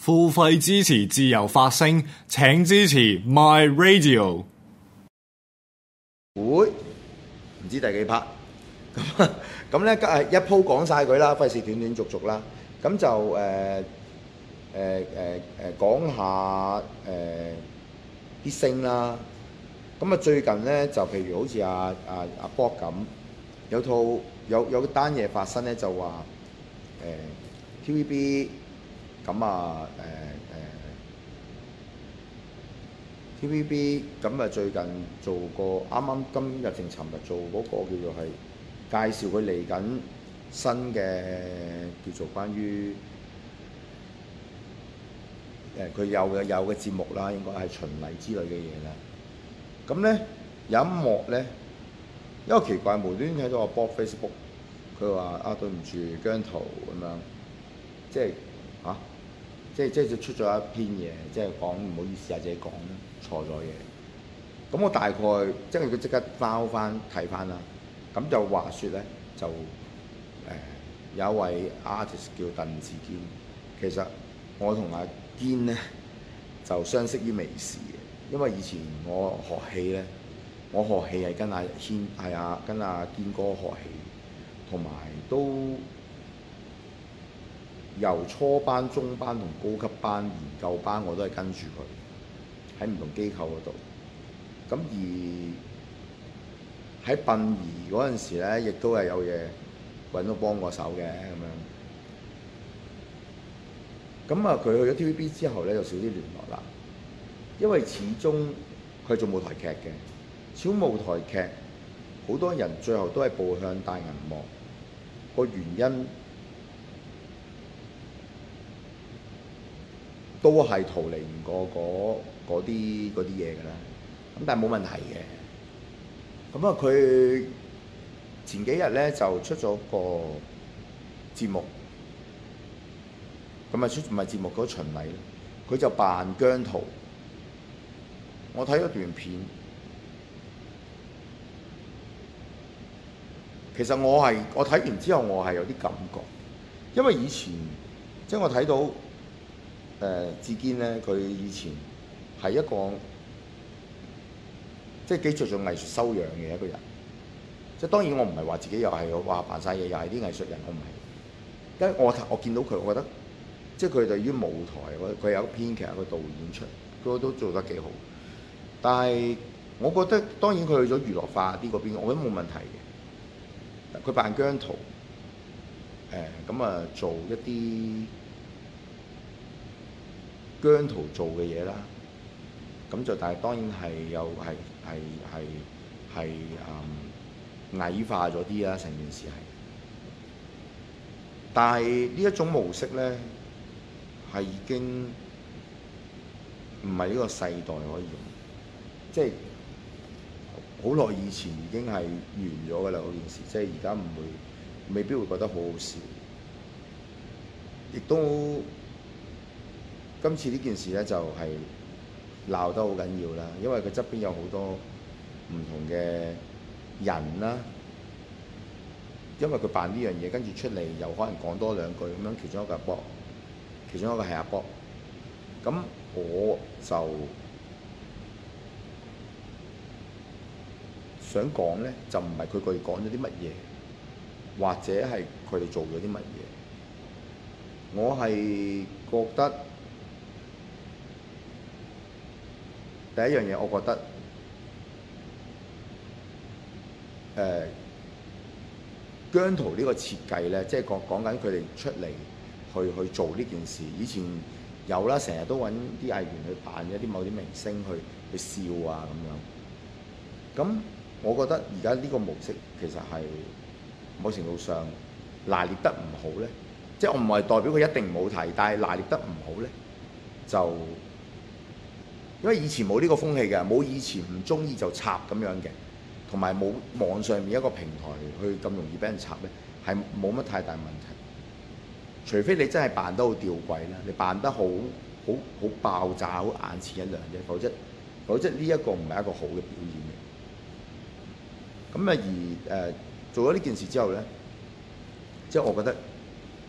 付費支持自由發聲，請支持 My Radio。會唔、哎、知第幾拍？咁咁咧，一鋪講晒佢啦，費事斷斷續續啦。咁就誒誒誒誒講下誒啲聲啦。咁、呃、啊，最近咧就譬如好似阿阿阿 Bob 咁，有套有有單嘢發生咧，就話誒 TVB。TV 咁啊誒，誒 TVB 咁啊，最近做過，啱啱今日定尋日做嗰個，叫做係介紹佢嚟緊新嘅，叫做關於誒佢有嘅有嘅節目啦，應該係巡禮之類嘅嘢啦。咁咧音樂咧，因為奇怪無端端睇到我 blog Facebook，佢話啊對唔住姜濤咁樣，即係。即係即係出咗一篇嘢，即係講唔好意思或者講錯咗嘢。咁我大概即係佢即刻翻翻睇翻啦。咁就話説咧，就誒、呃、有一位 artist 叫鄧志堅。其實我同阿堅咧就相識於微時，因為以前我學戲咧，我學戲係跟阿堅係啊跟阿堅哥學戲，同埋都。由初班、中班同高級班研究班，我都係跟住佢喺唔同機構嗰度。咁而喺殯儀嗰陣時咧，亦都係有嘢揾到幫過手嘅咁樣。咁啊，佢去咗 TVB 之後咧，就少啲聯絡啦。因為始終佢做舞台劇嘅，小舞台劇好多人最後都係步向大銀幕。個原因。都係逃離唔過嗰啲啲嘢㗎啦，咁但係冇問題嘅。咁、嗯、啊，佢前幾日咧就出咗個節目，咁啊出唔係節目嗰巡禮，佢就扮姜濤。我睇咗段片，其實我係我睇完之後我係有啲感覺，因為以前即係、就是、我睇到。誒，志、呃、堅咧，佢以前係一個即係幾着重藝術修養嘅一個人。即係當然，我唔係話自己又係話扮晒嘢，又係啲藝術人，我唔係。因為我我見到佢，我覺得即係佢對於舞台，佢佢有編劇、有導演出，佢都做得幾好。但係我覺得，當然佢去咗娛樂化啲嗰邊，我覺得冇問題嘅。佢扮姜濤，誒咁啊，做一啲。姜濤做嘅嘢啦，咁就但係當然係又係係係係誒矮化咗啲啦，成件事係。但係呢一種模式咧係已經唔係呢個世代可以用，即係好耐以前已經係完咗㗎啦，嗰件事，即係而家唔會未必會覺得好好笑，亦都。今次呢件事呢，就係鬧得好緊要啦，因為佢側邊有好多唔同嘅人啦。因為佢扮呢樣嘢，跟住出嚟又可能講多兩句咁樣，其中一個係阿博，其中一個係阿博。咁我就想講呢，就唔係佢佢哋講咗啲乜嘢，或者係佢哋做咗啲乜嘢。我係覺得。第一樣嘢，我覺得，誒，姜濤呢個設計咧，即係講講緊佢哋出嚟去去做呢件事。以前有啦，成日都搵啲藝員去扮一啲某啲明星去去笑啊咁樣。咁我覺得而家呢個模式其實係某程度上拿捏得唔好咧。即係我唔係代表佢一定冇睇，但係拿捏得唔好咧，就。因為以前冇呢個風氣嘅，冇以前唔中意就插咁樣嘅，同埋冇網上面一個平台去咁容易俾人插咧，係冇乜太大問題。除非你真係扮得好吊詭啦，你扮得好好好爆炸好眼前一亮啫，否則否則呢一個唔係一個好嘅表現嘅。咁啊而誒做咗呢件事之後咧，即係我覺得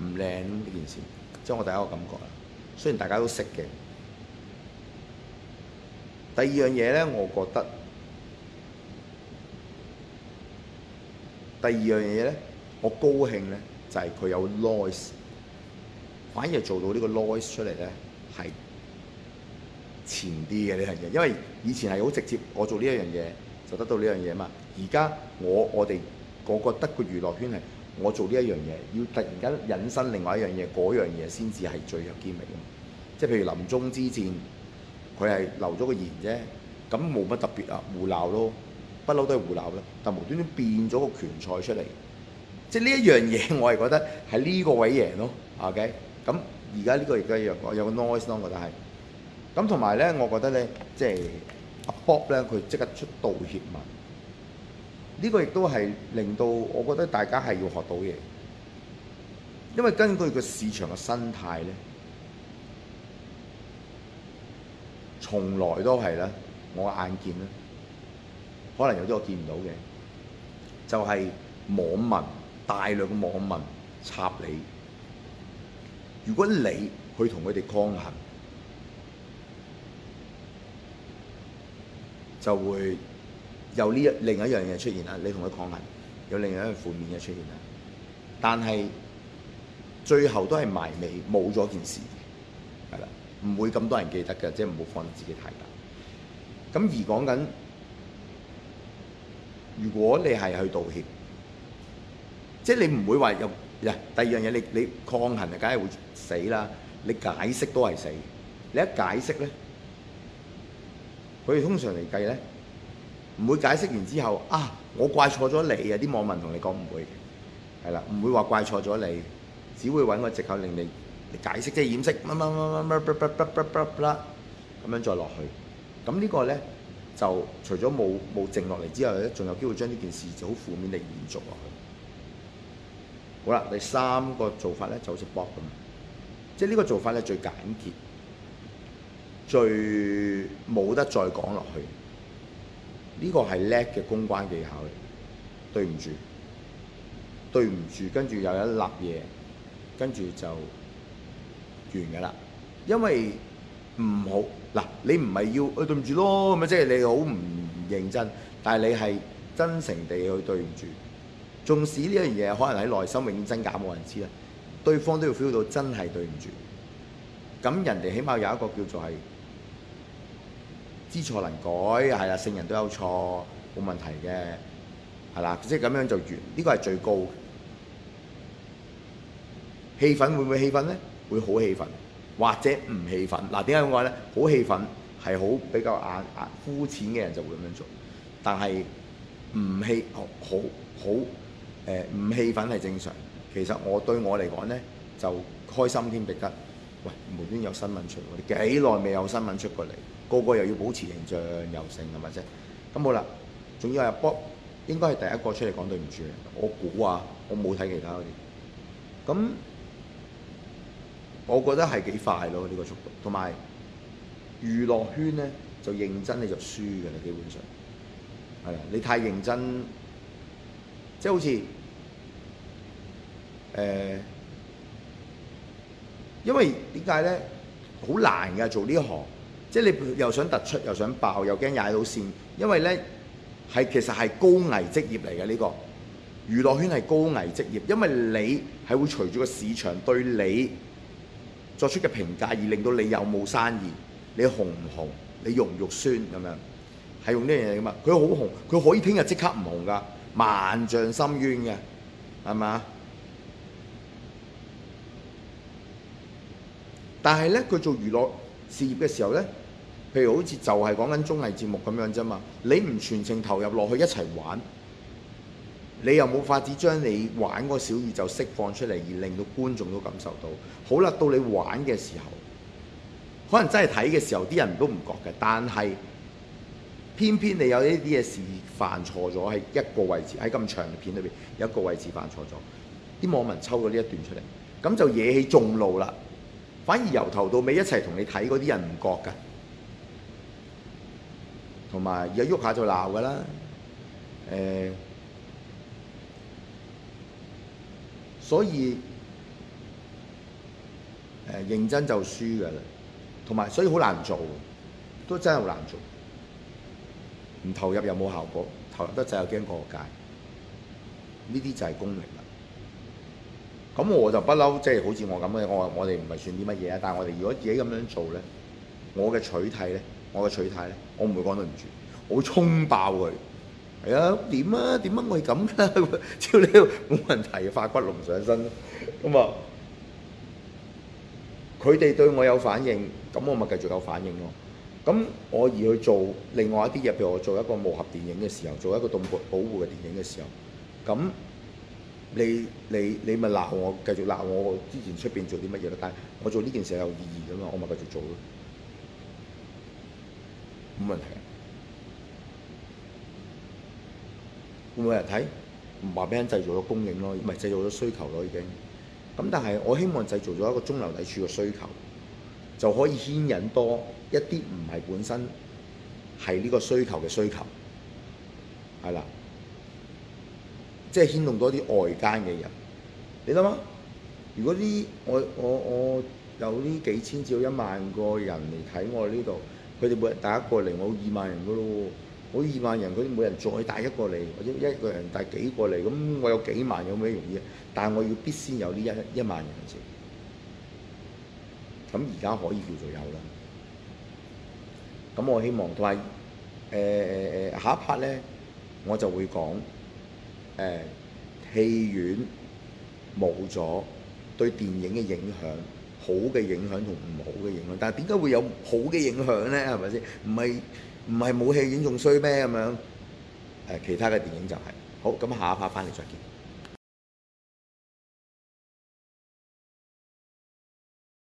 唔靚呢件事，即係我第一個感覺啊。雖然大家都識嘅。第二樣嘢咧，我覺得第二樣嘢咧，我高興咧，就係、是、佢有 noise，反而做到呢個 noise 出嚟咧，係前啲嘅呢樣嘢，因為以前係好直接，我做呢一樣嘢就得到呢樣嘢嘛。而家我我哋我覺得個娛樂圈係我做呢一樣嘢，要突然間引申另外一樣嘢，嗰樣嘢先至係最有兼美嘅，即係譬如臨終之戰。佢係留咗個言啫，咁冇乜特別啊，胡鬧咯，不嬲都係胡鬧啦，但無端端變咗個拳賽出嚟，即係呢一樣嘢，我係覺得喺呢個位贏咯，OK？咁而家呢個亦都一樣，有個 noise 咯，我覺得係咁，咁同埋咧，我覺得咧，即係 Bob 咧，佢即刻出道歉文，呢個亦都係令到我覺得大家係要學到嘢，因為根據個市場嘅生態咧。從來都係啦，我眼見啦，可能有啲我見唔到嘅，就係、是、網民大量嘅網民插你，如果你去同佢哋抗衡，就會有呢一另一樣嘢出現啦。你同佢抗衡，有另一樣負面嘅出現啦。但係最後都係埋尾，冇咗件事，係啦。唔會咁多人記得嘅，即係唔好放得自己太大。咁而講緊，如果你係去道歉，即係你唔會話又嗱。第二樣嘢，你你抗衡就梗係會死啦。你解釋都係死。你一解釋咧，佢哋通常嚟計咧，唔會解釋完之後啊，我怪錯咗你啊！啲網民同你講唔會嘅，係啦，唔會話怪錯咗你，只會搵個藉口令你。解釋即係掩飾，乜乜乜乜乜咁樣再落去。咁呢個咧就除咗冇冇靜落嚟之外咧，仲有機會將呢件事就好負面地延續落去。好啦，第三個做法咧就好似博咁，即係呢個做法咧最簡潔，最冇得再講落去。呢個係叻嘅公關技巧嚟。對唔住，對唔住，跟住有一粒嘢，跟住就。完㗎啦，因為唔好嗱，你唔係要佢對唔住咯，咁咪即係你好唔認真，但係你係真誠地去對唔住，縱使呢樣嘢可能喺內心永遠真假冇人知啦，對方都要 feel 到真係對唔住，咁人哋起碼有一個叫做係知錯能改，係啦，聖人都有錯冇問題嘅，係啦，即係咁樣就完，呢個係最高。氣氛會唔會氣氛咧？會好氣憤，或者唔氣憤。嗱、啊，點解咁講咧？好氣憤係好比較眼眼膚淺嘅人就會咁樣做，但係唔氣哦，好好誒唔、呃、氣憤係正常。其實我對我嚟講咧就開心添，覺得喂無端有新聞出，我哋幾耐未有新聞出過嚟？個個又要保持形象又剩係咪啫？咁好啦，仲要阿波應該係第一個出嚟講對唔住。我估啊，我冇睇其他嗰啲咁。我覺得係幾快咯，呢個速度同埋娛樂圈呢，就認真你就輸㗎啦。基本上係你太認真即係好似誒，因為點解呢？好難㗎，做呢行即係你又想突出，又想爆，又驚踩到線。因為呢係其實係高危職業嚟嘅。呢個娛樂圈係高危職業，因為你係會隨住個市場對你，作出嘅評價而令到你有冇生意，你紅唔紅，你肉唔肉酸咁樣，係用呢樣嘢噶嘛？佢好紅，佢可以聽日即刻唔紅噶，萬丈深淵嘅，係咪？但係咧，佢做娛樂事業嘅時候咧，譬如好似就係講緊綜藝節目咁樣啫嘛，你唔全程投入落去一齊玩。你又冇法子將你玩個小宇宙釋放出嚟，而令到觀眾都感受到。好啦，到你玩嘅時候，可能真係睇嘅時候啲人都唔覺嘅，但係偏偏你有呢啲嘢事犯錯咗喺一個位置，喺咁長嘅片裏邊有一個位置犯錯咗，啲網民抽咗呢一段出嚟，咁就惹起眾怒啦。反而由頭到尾一齊同你睇嗰啲人唔覺㗎，同埋一喐下就鬧㗎啦，誒、呃。所以誒認真就輸㗎啦，同埋所以好難做，都真係好難做。唔投入又冇效果，投入得滯又驚過界。呢啲就係功力啦。咁我就不嬲，即係好似我咁嘅，我我哋唔係算啲乜嘢。但係我哋如果自己咁樣做咧，我嘅取替咧，我嘅取締咧，我唔會講對唔住，我，會我會衝爆佢。係啊，點啊？點解我會咁噶，照你冇問題，化骨龍上身。咁啊，佢哋對我有反應，咁我咪繼續有反應咯。咁我而去做另外一啲嘢，譬如我做一個武俠電影嘅時候，做一個動物保護嘅電影嘅時候，咁你你你咪鬧我，繼續鬧我。之前出邊做啲乜嘢咯？但係我做呢件事有意義噶嘛，我咪繼續做咯，冇問題。會唔會有人睇？唔話俾人製造咗供應咯，唔係製造咗需求咯已經。咁但係我希望製造咗一個中流砥柱嘅需求，就可以牽引多一啲唔係本身係呢個需求嘅需求，係啦，即係牽動多啲外間嘅人。你諗啊？如果呢，我我我有呢幾千至到一萬個人嚟睇我呢度，佢哋每日第一個嚟我二萬人嘅咯。好，二萬人，佢每人再帶一個嚟，或者一個人帶幾個嚟，咁我有幾萬有咩容易啊？但係我要必先有呢一一萬人先，咁而家可以叫做有啦。咁我希望同埋，誒、呃、下一 part 咧，我就會講誒、呃、戲院冇咗對電影嘅影響，好嘅影響同唔好嘅影響。但係點解會有好嘅影響咧？係咪先？唔係。唔係冇戲院仲衰咩咁樣？誒，其他嘅電影就係、是、好咁，咁下一 part 返嚟再見。